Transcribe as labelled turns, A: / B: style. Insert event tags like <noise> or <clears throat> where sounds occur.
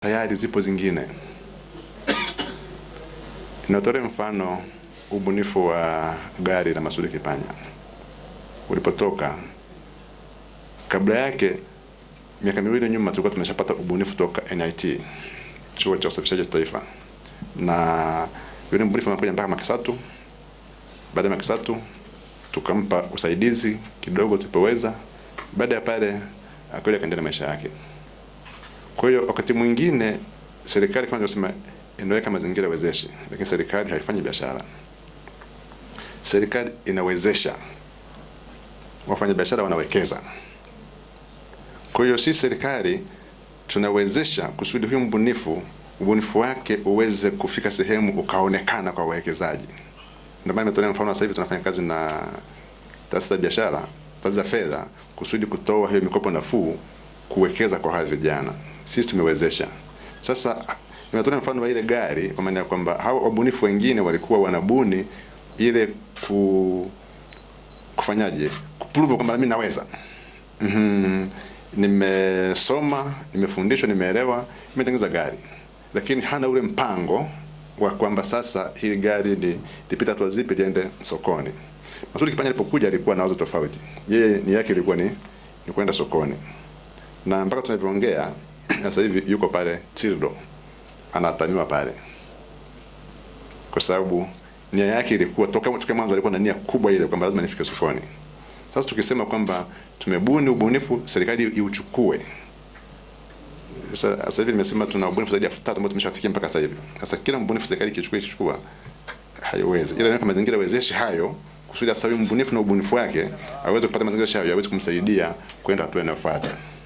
A: tayari zipo zingine. Inatolea mfano ubunifu wa gari la Masudi Kipanya ulipotoka. Kabla yake miaka miwili nyuma, tulikuwa tumeshapata ubunifu toka NIT, chuo cha usafishaji taifa, na yule mbunifu amekuja mpaka Makisatu. Baada ya Makisatu tukampa usaidizi kidogo tulipoweza. Baada ya pale akaendelea na maisha yake. Kwa hiyo wakati mwingine serikali kama nilivyosema inaweka mazingira wezeshi, lakini serikali haifanyi biashara. Serikali inawezesha, wafanya biashara wanawekeza. Kwa hiyo si serikali tunawezesha kusudi huyu mbunifu ubunifu wake uweze kufika sehemu ukaonekana kwa wawekezaji. Ndio maana nimetolea mfano sasa hivi tunafanya kazi na taasisi za biashara, taasisi za fedha kusudi kutoa hiyo mikopo nafuu kuwekeza kwa hawa vijana sisi tumewezesha. Sasa nimetolea mfano wa ile gari kwa maana kwamba hao wabunifu wengine walikuwa wanabuni ile ku kufanyaje kuprove kwamba mimi naweza. mm -hmm. nimesoma, nimefundishwa, nimeelewa, nimetengeneza gari. Lakini hana ule mpango wa kwamba sasa hili gari ni lipita hatua zipi liende sokoni. Masudi Kipanya alipokuja alikuwa na wazo tofauti. Yeye ni yake ilikuwa ni ni kwenda sokoni. Na mpaka tunavyoongea <clears throat> sasa hivi yuko pale Tildo anataniwa pale, kwa sababu nia yake ilikuwa toka toka mwanzo, alikuwa na nia kubwa ile kwamba lazima nifike sufoni. Sasa tukisema kwamba tumebuni ubunifu, serikali iuchukue. Sasa hivi nimesema tuna ubunifu zaidi ya elfu ambao tumeshafikia mpaka sasa hivi. Sasa kila mbunifu serikali ikichukua ikichukua haiwezi, ila kwa mazingira wezeshi hayo kusudi asawi mbunifu na ubunifu wake aweze kupata mazingira hayo yaweze kumsaidia kwenda hatua inayofuata.